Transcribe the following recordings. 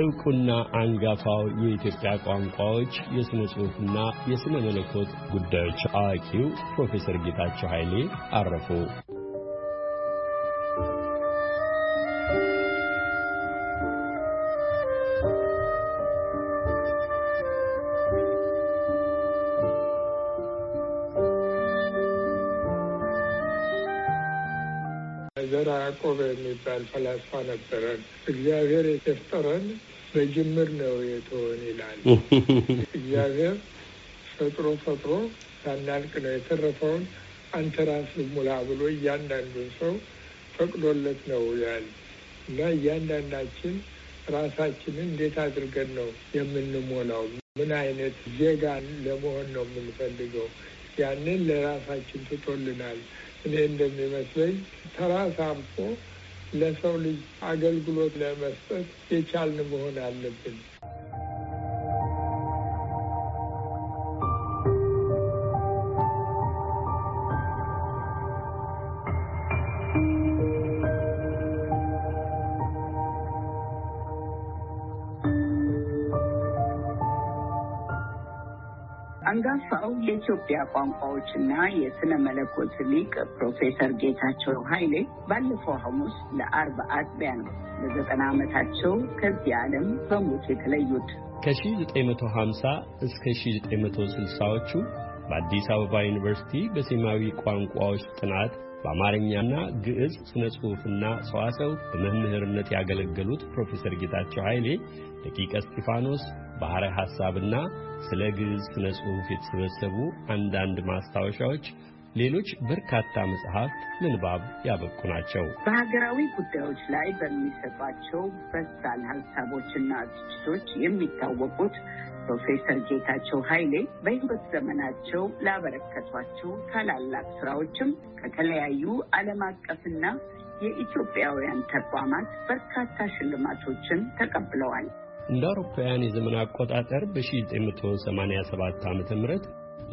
ዕውቁና አንጋፋው የኢትዮጵያ ቋንቋዎች የሥነ ጽሑፍና የሥነ መለኮት ጉዳዮች አዋቂው ፕሮፌሰር ጌታቸው ኃይሌ አረፉ። ይላል ፈላስፋ ነበረን። እግዚአብሔር የፈጠረን በጅምር ነው የተሆን ይላል። እግዚአብሔር ፈጥሮ ፈጥሮ ሳናልቅ ነው የተረፈውን አንተ ራስ ሙላ ብሎ እያንዳንዱን ሰው ፈቅዶለት ነው ያል እና እያንዳንዳችን ራሳችንን እንዴት አድርገን ነው የምንሞላው? ምን አይነት ዜጋ ለመሆን ነው የምንፈልገው? ያንን ለራሳችን ትቶልናል። እኔ እንደሚመስለኝ ተራ ሳምፎ ለሰው ልጅ አገልግሎት ለመስጠት የቻልን መሆን አለብን። አንጋፋው የኢትዮጵያ ቋንቋዎችና የስነ መለኮት ሊቅ ፕሮፌሰር ጌታቸው ኃይሌ ባለፈው ሐሙስ ለአርብ አጥቢያ ነው ለዘጠና ዓመታቸው ከዚህ ዓለም በሞት የተለዩት። ከ1950 እስከ 1960ዎቹ በአዲስ አበባ ዩኒቨርሲቲ በሴማዊ ቋንቋዎች ጥናት በአማርኛና ግዕዝ ስነ ጽሑፍና ሰዋሰው በመምህርነት ያገለገሉት ፕሮፌሰር ጌታቸው ኃይሌ ደቂቀ እስጢፋኖስ ባሕረ ሐሳብና ስለ ግዕዝ ሥነ ጽሑፍ የተሰበሰቡ አንዳንድ ማስታወሻዎች ሌሎች በርካታ መጽሐፍት ለንባብ ያበቁ ናቸው። በሀገራዊ ጉዳዮች ላይ በሚሰጧቸው በሳል ሀሳቦችና ትችቶች የሚታወቁት ፕሮፌሰር ጌታቸው ኃይሌ በሕይወት ዘመናቸው ላበረከቷቸው ታላላቅ ስራዎችም ከተለያዩ ዓለም አቀፍና የኢትዮጵያውያን ተቋማት በርካታ ሽልማቶችን ተቀብለዋል። እንደ አውሮፓውያን የዘመን አቆጣጠር በ1987 ዓ ም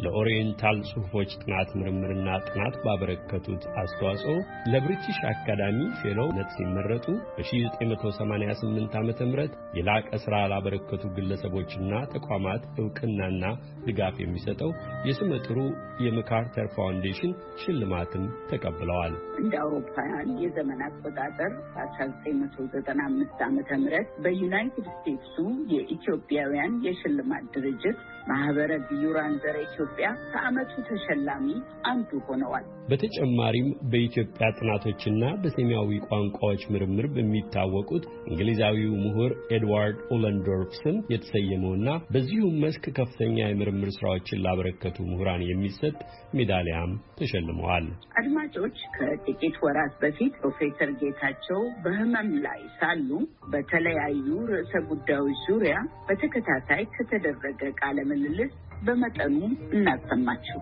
ለኦሪየንታል ጽሑፎች ጥናት ምርምርና ጥናት ባበረከቱት አስተዋጽኦ ለብሪቲሽ አካዳሚ ፌሎውነት ሲመረጡ በ1988 ዓ ም የላቀ ሥራ ላበረከቱ ግለሰቦችና ተቋማት ዕውቅናና ድጋፍ የሚሰጠው የስመ ጥሩ የመካርተር ፋውንዴሽን ሽልማትም ተቀብለዋል። እንደ አውሮፓውያን የዘመን አቆጣጠር በ1995 ዓ ም በዩናይትድ ስቴትሱ የኢትዮጵያውያን የሽልማት ድርጅት ማኅበረ ቢዩራን ዘሬ ኢትዮጵያ ከዓመቱ ተሸላሚ አንዱ ሆነዋል። በተጨማሪም በኢትዮጵያ ጥናቶችና በሴሚያዊ ቋንቋዎች ምርምር በሚታወቁት እንግሊዛዊው ምሁር ኤድዋርድ ኦለንዶርፍ ስም የተሰየመውና በዚሁም መስክ ከፍተኛ የምርምር ስራዎችን ላበረከቱ ምሁራን የሚሰጥ ሜዳሊያም ተሸልመዋል። አድማጮች፣ ከጥቂት ወራት በፊት ፕሮፌሰር ጌታቸው በህመም ላይ ሳሉ በተለያዩ ርዕሰ ጉዳዮች ዙሪያ በተከታታይ ከተደረገ ቃለ ምልልስ በመጠኑ እናሰማችሁ።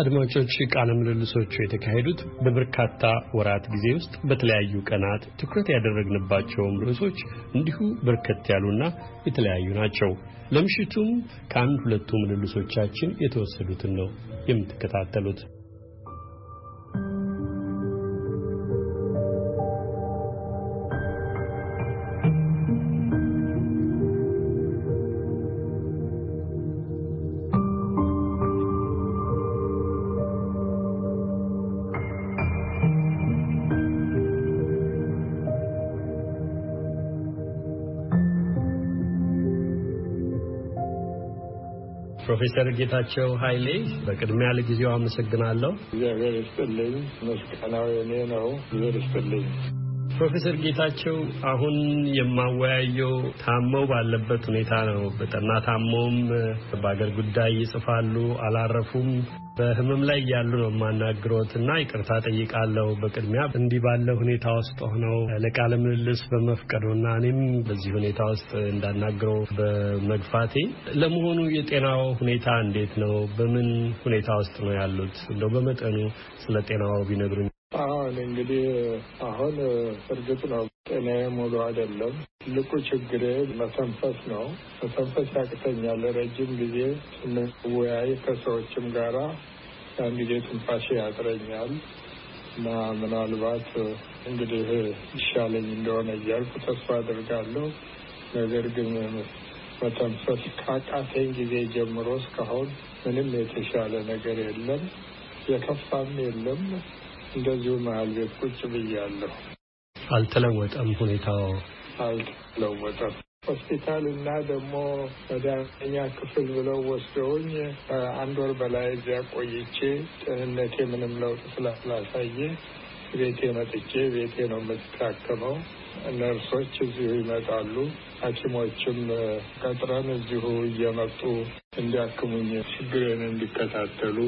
አድማጮች ቃለ ምልልሶቹ የተካሄዱት በበርካታ ወራት ጊዜ ውስጥ በተለያዩ ቀናት ትኩረት ያደረግንባቸውም ርዕሶች እንዲሁ በርከት ያሉና የተለያዩ ናቸው። ለምሽቱም ከአንድ ሁለቱ ምልልሶቻችን የተወሰዱትን ነው የምትከታተሉት። ፕሮፌሰር ጌታቸው ኃይሌ በቅድሚያ ለጊዜው አመሰግናለሁ። እግዚአብሔር ይስጥልኝ። ምስጋናው የኔ ነው። እግዚአብሔር ይስጥልኝ። ፕሮፌሰር ጌታቸው አሁን የማወያየው ታመው ባለበት ሁኔታ ነው። በጠና ታመውም በአገር ጉዳይ ይጽፋሉ፣ አላረፉም። በህመም ላይ እያሉ ነው የማናግሮት እና ይቅርታ ጠይቃለሁ በቅድሚያ እንዲህ ባለ ሁኔታ ውስጥ ሆነው ለቃለ ምልልስ በመፍቀዶ እና እኔም በዚህ ሁኔታ ውስጥ እንዳናግረው በመግፋቴ። ለመሆኑ የጤናው ሁኔታ እንዴት ነው? በምን ሁኔታ ውስጥ ነው ያሉት? እንደው በመጠኑ ስለ ጤናው ቢነግሩኝ። አሁን እንግዲህ አሁን እርግጥ ነው ጤናዬ ሙሉ አይደለም። ትልቁ ችግሬ መተንፈስ ነው። መተንፈስ ያቅተኛል። ረጅም ጊዜ ስንወያይ ከሰዎችም ጋራ ያን ጊዜ ትንፋሽ ያጥረኛል እና ምናልባት እንግዲህ ይሻለኝ እንደሆነ እያልኩ ተስፋ አድርጋለሁ። ነገር ግን መተንፈስ ካቃተኝ ጊዜ ጀምሮ እስካሁን ምንም የተሻለ ነገር የለም፣ የከፋም የለም። እንደዚሁ መሀል ቤት ቁጭ ብያለሁ። አልተለወጠም ሁኔታው አልተለወጠም። ሆስፒታል እና ደግሞ መዳኛ ክፍል ብለው ወስደውኝ አንድ ወር በላይ እዚያ ቆይቼ ጤንነቴ ምንም ለውጥ ስላላሳየ ቤቴ መጥቼ ቤቴ ነው የምትታከመው። ነርሶች እዚሁ ይመጣሉ። ሐኪሞችም ቀጥረን እዚሁ እየመጡ እንዲያክሙኝ ችግሬን እንዲከታተሉ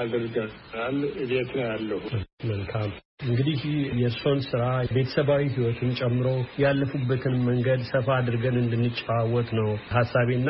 አድርገናል። ቤት ነው ያለሁ። መልካም እንግዲህ የእርሶን ስራ ቤተሰባዊ ህይወትን ጨምሮ ያለፉበትን መንገድ ሰፋ አድርገን እንድንጨዋወት ነው ሀሳቤና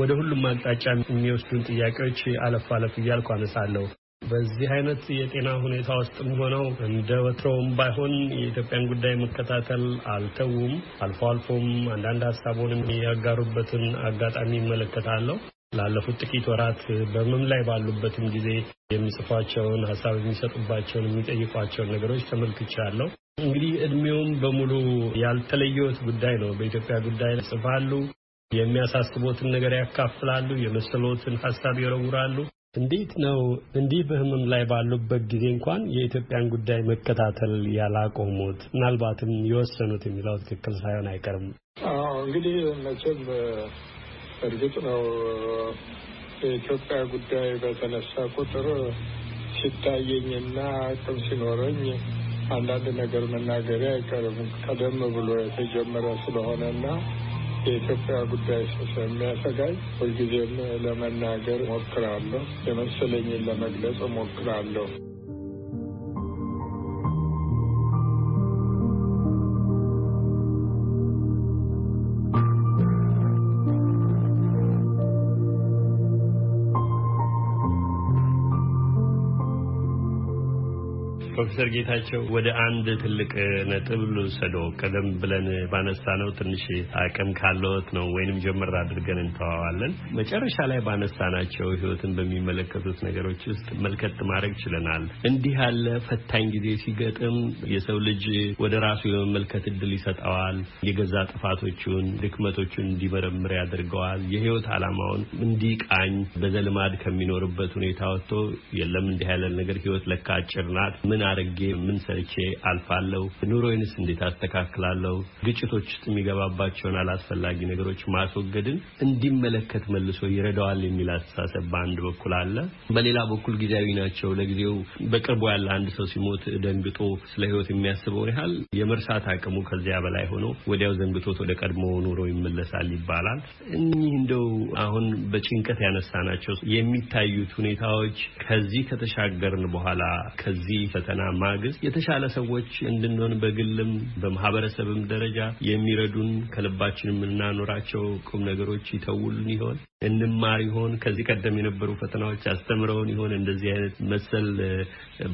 ወደ ሁሉም አቅጣጫ የሚወስዱን ጥያቄዎች አለፍ አለፍ እያልኩ አነሳለሁ። በዚህ አይነት የጤና ሁኔታ ውስጥም ሆነው እንደ ወትሮውም ባይሆን የኢትዮጵያን ጉዳይ መከታተል አልተውም። አልፎ አልፎም አንዳንድ ሀሳቡንም ያጋሩበትን አጋጣሚ ይመለከታለሁ ላለፉት ጥቂት ወራት በህመም ላይ ባሉበትም ጊዜ የሚጽፏቸውን ሀሳብ የሚሰጡባቸውን የሚጠይቋቸውን ነገሮች ተመልክቻለሁ። እንግዲህ እድሜውም በሙሉ ያልተለየዎት ጉዳይ ነው። በኢትዮጵያ ጉዳይ ይጽፋሉ፣ የሚያሳስቦትን ነገር ያካፍላሉ፣ የመሰሎትን ሀሳብ ይረውራሉ። እንዴት ነው እንዲህ በህመም ላይ ባሉበት ጊዜ እንኳን የኢትዮጵያን ጉዳይ መከታተል ያላቆሙት? ምናልባትም የወሰኑት የሚለው ትክክል ሳይሆን አይቀርም። እንግዲህ መቼም እርግጥ ነው የኢትዮጵያ ጉዳይ በተነሳ ቁጥር ሲታየኝና አቅም ሲኖረኝ አንዳንድ ነገር መናገሪያ አይቀርም። ቀደም ብሎ የተጀመረ ስለሆነና የኢትዮጵያ ጉዳይ ስለሚያሰጋኝ ሁልጊዜም ለመናገር ሞክራለሁ፣ የመሰለኝን ለመግለጽ ሞክራለሁ። ፕሮፌሰር ጌታቸው ወደ አንድ ትልቅ ነጥብ ልውሰዶ ቀደም ብለን ባነሳ ነው ትንሽ አቅም ካለዎት ነው ወይንም ጀምር አድርገን እንተዋዋለን። መጨረሻ ላይ ባነሳ ናቸው ህይወትን በሚመለከቱት ነገሮች ውስጥ መልከት ማድረግ ችለናል። እንዲህ ያለ ፈታኝ ጊዜ ሲገጥም የሰው ልጅ ወደ ራሱ የመመልከት እድል ይሰጠዋል። የገዛ ጥፋቶቹን፣ ድክመቶቹን እንዲመረምር ያደርገዋል። የህይወት ዓላማውን እንዲቃኝ በዘልማድ ከሚኖርበት ሁኔታ ወጥቶ የለም እንዲህ ያለ ነገር ህይወት ለካ አጭር ናት ምን አድርጌ ምን ሰርቼ አልፋለሁ? ኑሮዬንስ እንዴት አስተካክላለሁ? ግጭቶች ውስጥ የሚገባባቸውን አላስፈላጊ ነገሮች ማስወገድን እንዲመለከት መልሶ ይረዳዋል የሚል አስተሳሰብ በአንድ በኩል አለ። በሌላ በኩል ጊዜያዊ ናቸው። ለጊዜው በቅርቡ ያለ አንድ ሰው ሲሞት ደንግጦ ስለ ህይወት የሚያስበውን ያህል የመርሳት አቅሙ ከዚያ በላይ ሆኖ ወዲያው ዘንግቶት ወደ ቀድሞ ኑሮ ይመለሳል ይባላል። እኚህ እንደው አሁን በጭንቀት ያነሳ ናቸው የሚታዩት ሁኔታዎች ከዚህ ከተሻገርን በኋላ ከዚህ ፈተና ጫና ማግስት የተሻለ ሰዎች እንድንሆን በግልም በማህበረሰብም ደረጃ የሚረዱን ከልባችን የምናኖራቸው ቁም ነገሮች ይተውሉን ይሆን? እንማር ይሆን? ከዚህ ቀደም የነበሩ ፈተናዎች አስተምረውን ይሆን? እንደዚህ አይነት መሰል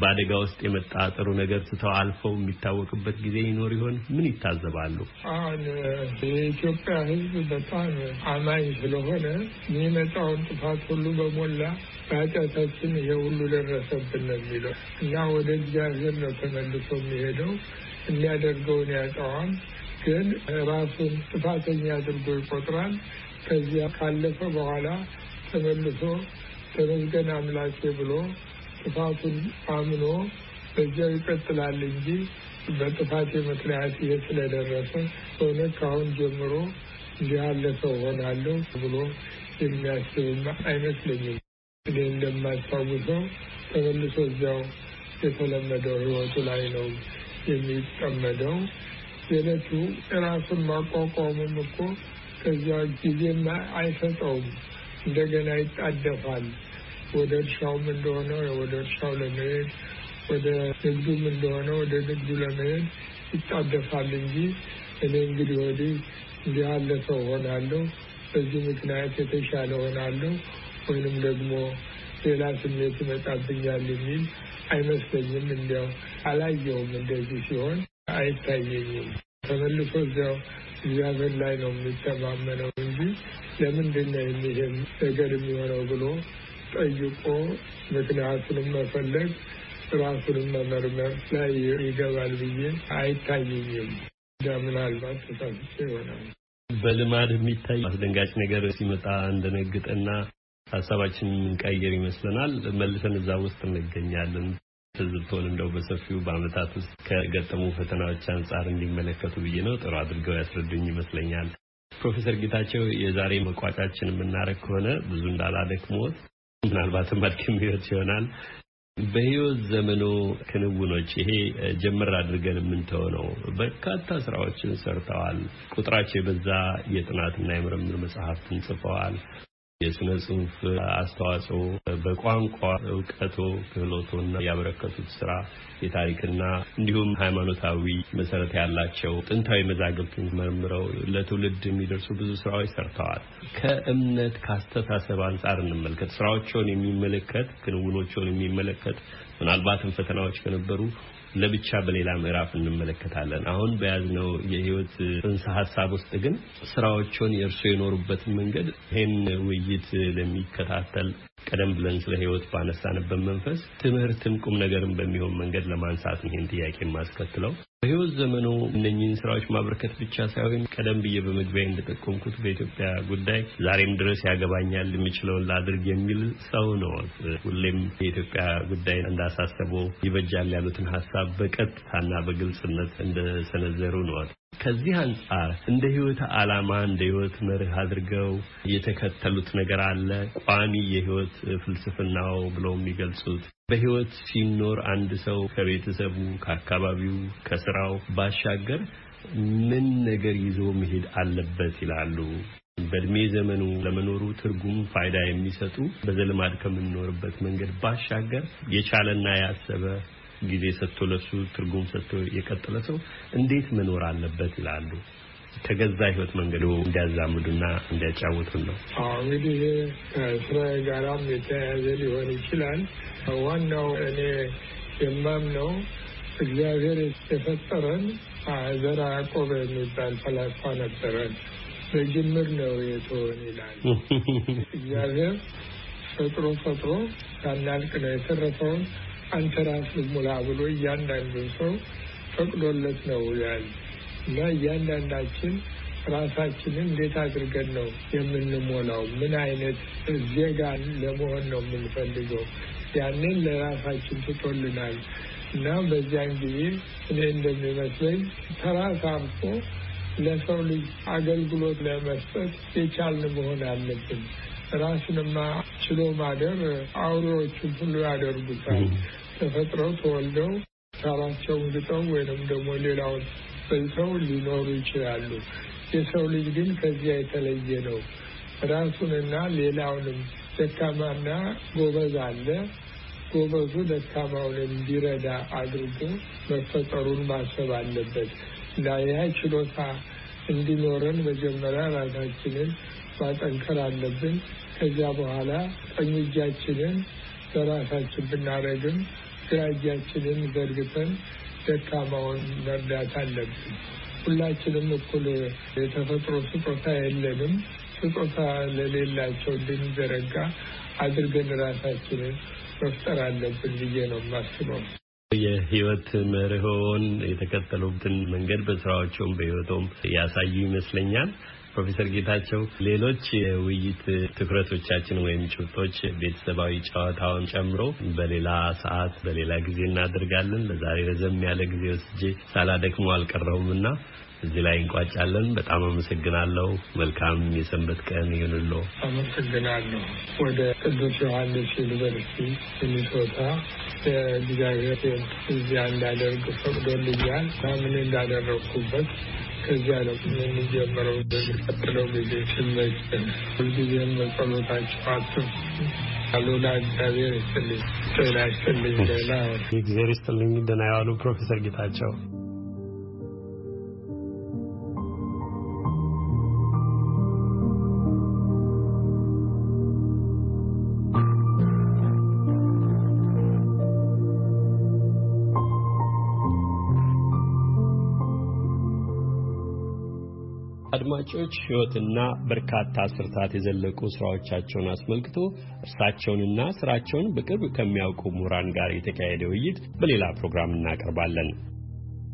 በአደጋ ውስጥ የመጣ ጥሩ ነገር ትተው አልፈው የሚታወቅበት ጊዜ ይኖር ይሆን? ምን ይታዘባሉ? የኢትዮጵያ ሕዝብ በጣም አማኝ ስለሆነ የሚመጣውን ጥፋት ሁሉ በሞላ በኃጢአታችን ይሄ ሁሉ ደረሰብን ነው የሚለው እና ወደ እግዚአብሔር ነው ተመልሶ የሚሄደው የሚያደርገውን ያጠዋም ግን ራሱን ጥፋተኛ አድርጎ ይቆጥራል። ከዚያ ካለፈ በኋላ ተመልሶ ተመስገን አምላኬ ብሎ ጥፋቱን አምኖ በዚያው ይቀጥላል እንጂ በጥፋቴ ምክንያት ይህ ስለደረሰ እውነት ከአሁን ጀምሮ እንዲህ ያለ ሰው ሆናለሁ ብሎ የሚያስብና አይመስለኝም። እኔ እንደማስታውሰው ተመልሶ እዚያው የተለመደው ህይወቱ ላይ ነው የሚጠመደው። የዕለቱ ራሱን ማቋቋሙም እኮ ከዚያ ጊዜም አይሰጠውም። እንደገና ይጣደፋል። ወደ እርሻውም እንደሆነ ወደ እርሻው ለመሄድ፣ ወደ ንግዱም እንደሆነ ወደ ንግዱ ለመሄድ ይጣደፋል እንጂ እኔ እንግዲህ ወዲህ እንዲህ ያለ ሰው ሆናለሁ፣ በዚህ ምክንያት የተሻለ ሆናለሁ፣ ወይንም ደግሞ ሌላ ስሜት ይመጣብኛል የሚል አይመስለኝም። እንዲያው አላየውም። እንደዚህ ሲሆን አይታየኝም። ተመልሶ እዚያው እግዚአብሔር ላይ ነው የሚተማመነው እንጂ ለምንድን ነው የሚሄድ ነገር የሚሆነው ብሎ ጠይቆ ምክንያቱንም መፈለግ ራሱንም መመርመር ላይ ይገባል ብዬ አይታየኝም። ምናልባት ተሳስቼ ይሆናል። በልማድ የሚታይ አስደንጋጭ ነገር ሲመጣ እንደነግጥና ሀሳባችን የምንቀይር ይመስለናል። መልሰን እዛ ውስጥ እንገኛለን። ትዝብቶን እንደው በሰፊው በአመታት ውስጥ ከገጠሙ ፈተናዎች አንጻር እንዲመለከቱ ብዬ ነው። ጥሩ አድርገው ያስረዱኝ ይመስለኛል። ፕሮፌሰር ጌታቸው የዛሬ መቋጫችን የምናረግ ከሆነ ብዙ እንዳላለክሞት ምናልባትም አድክም ህይወት ይሆናል በህይወት ዘመኖ ክንውኖች ይሄ ጀምር አድርገን የምንተው ነው። በርካታ ስራዎችን ሰርተዋል። ቁጥራቸው የበዛ የጥናትና የምርምር መጽሐፍትን ጽፈዋል። የስነ ጽሁፍ አስተዋጽኦ በቋንቋ እውቀቶ ክህሎቶና ያበረከቱት ስራ የታሪክና እንዲሁም ሃይማኖታዊ መሰረት ያላቸው ጥንታዊ መዛግብትን መርምረው ለትውልድ የሚደርሱ ብዙ ስራዎች ሰርተዋል። ከእምነት ከአስተሳሰብ አንጻር እንመልከት። ስራዎቸውን የሚመለከት ክንውኖቸውን የሚመለከት ምናልባትም ፈተናዎች ከነበሩ ለብቻ በሌላ ምዕራፍ እንመለከታለን። አሁን በያዝነው የህይወት ጽንሰ ሀሳብ ውስጥ ግን ስራዎቹን የእርሶ የኖሩበትን መንገድ ይህን ውይይት ለሚከታተል ቀደም ብለን ስለ ህይወት ባነሳንበት መንፈስ ትምህርትም ቁም ነገርም በሚሆን መንገድ ለማንሳት ይህን ጥያቄ የማስከትለው በህይወት ዘመኑ እነኝህን ስራዎች ማበርከት ብቻ ሳይሆን ቀደም ብዬ በመግቢያ እንደጠቆምኩት በኢትዮጵያ ጉዳይ ዛሬም ድረስ ያገባኛል የሚችለውን ላድርግ የሚል ሰው ነው። ሁሌም የኢትዮጵያ ጉዳይ እንዳሳሰበው ይበጃል ያሉትን ሀሳብ በቀጥታና በግልጽነት እንደሰነዘሩ ነው። ከዚህ አንጻር እንደ ህይወት ዓላማ እንደ ህይወት መርህ አድርገው የተከተሉት ነገር አለ። ቋሚ የህይወት ፍልስፍናው ብለው የሚገልጹት በህይወት ሲኖር አንድ ሰው ከቤተሰቡ፣ ከአካባቢው፣ ከስራው ባሻገር ምን ነገር ይዞ መሄድ አለበት ይላሉ። በእድሜ ዘመኑ ለመኖሩ ትርጉም ፋይዳ የሚሰጡ በዘልማድ ከምንኖርበት መንገድ ባሻገር የቻለና ያሰበ ጊዜ ሰጥቶ ለሱ ትርጉም ሰጥቶ የቀጠለ ሰው እንዴት መኖር አለበት ይላሉ። ከገዛ ህይወት መንገዱ እንዲያዛምዱና እንዲያጫውቱን ነው። እንግዲህ ከስራ ጋራም የተያያዘ ሊሆን ይችላል። ዋናው እኔ የማምነው እግዚአብሔር የፈጠረን ዘራ ያዕቆብ የሚባል ፈላስፋ ነበረን። በጅምር ነው የተሆን ይላል። እግዚአብሔር ፈጥሮ ፈጥሮ ታናልቅ ነው የተረፈውን አንተ ራስህ ሙላ ብሎ እያንዳንዱን ሰው ፈቅዶለት ነው ያል እና እያንዳንዳችን ራሳችንን እንዴት አድርገን ነው የምንሞላው? ምን አይነት ዜጋ ለመሆን ነው የምንፈልገው? ያንን ለራሳችን ትቶልናል እና በዚያን ጊዜ እኔ እንደሚመስለኝ ተራስ ሳርፎ ለሰው ልጅ አገልግሎት ለመስጠት የቻልን መሆን አለብን። ራስንማ ችሎ ማደር አውሬዎቹን ሁሉ ያደርጉታል። ተፈጥረው ተወልደው ሳራቸውን ግጠው ወይንም ደግሞ ሌላውን በልተው ሊኖሩ ይችላሉ። የሰው ልጅ ግን ከዚያ የተለየ ነው። ራሱንና ሌላውንም ደካማና ጎበዝ አለ። ጎበዙ ደካማውን እንዲረዳ አድርጎ መፈጠሩን ማሰብ አለበት እና ያ ችሎታ እንዲኖረን መጀመሪያ ራሳችንን ማጠንከር አለብን። ከዚያ በኋላ ቀኝ እጃችንን በራሳችን ብናደረግም ግራ እጃችንን ዘርግተን ደካማውን መርዳት አለብን። ሁላችንም እኩል የተፈጥሮ ስጦታ የለንም። ስጦታ ለሌላቸው እንድንዘረጋ አድርገን ራሳችንን መፍጠር አለብን ብዬ ነው የማስበው። የህይወት መርሆውን የተከተሉትን መንገድ በስራዎቸውም በህይወቶም ያሳዩ ይመስለኛል። ፕሮፌሰር ጌታቸው ሌሎች የውይይት ትኩረቶቻችን ወይም ጭብጦች ቤተሰባዊ ጨዋታውን ጨምሮ በሌላ ሰዓት በሌላ ጊዜ እናደርጋለን። ለዛሬ ረዘም ያለ ጊዜ ወስጄ ሳላደክሞ አልቀረውም እና እዚህ ላይ እንቋጫለን። በጣም አመሰግናለሁ። መልካም የሰንበት ቀን ይሁንሎ። አመሰግናለሁ። ወደ ቅዱስ ዮሐንስ ዩኒቨርሲቲ ሚኒሶታ የእግዚአብሔር እዚያ እንዳደርግ ፈቅዶልኛል። ምን እንዳደረግኩበት ከዚያ ነው የምንጀምረው። በሚቀጥለው ጊዜ ሲመጭን ሁልጊዜም መጸሎታቸው አትፍ አሉላ እግዚአብሔር ይስጥልኝ። ጤና ይስጥልኝ። ሌላ እግዚአብሔር ይስጥልኝ። ደህና ዋሉ ፕሮፌሰር ጌታቸው አድማጮች ሕይወትና በርካታ ስርታት የዘለቁ ስራዎቻቸውን አስመልክቶ እርሳቸውንና ስራቸውን በቅርብ ከሚያውቁ ምሁራን ጋር የተካሄደ ውይይት በሌላ ፕሮግራም እናቀርባለን።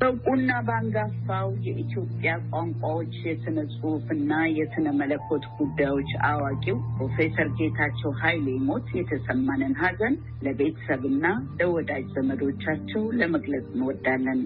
በውቁና በአንጋፋው የኢትዮጵያ ቋንቋዎች የስነ ጽሁፍና የስነ መለኮት ጉዳዮች አዋቂው ፕሮፌሰር ጌታቸው ኃይሌ ሞት የተሰማንን ሀዘን ለቤተሰብና ለወዳጅ ዘመዶቻቸው ለመግለጽ እንወዳለን።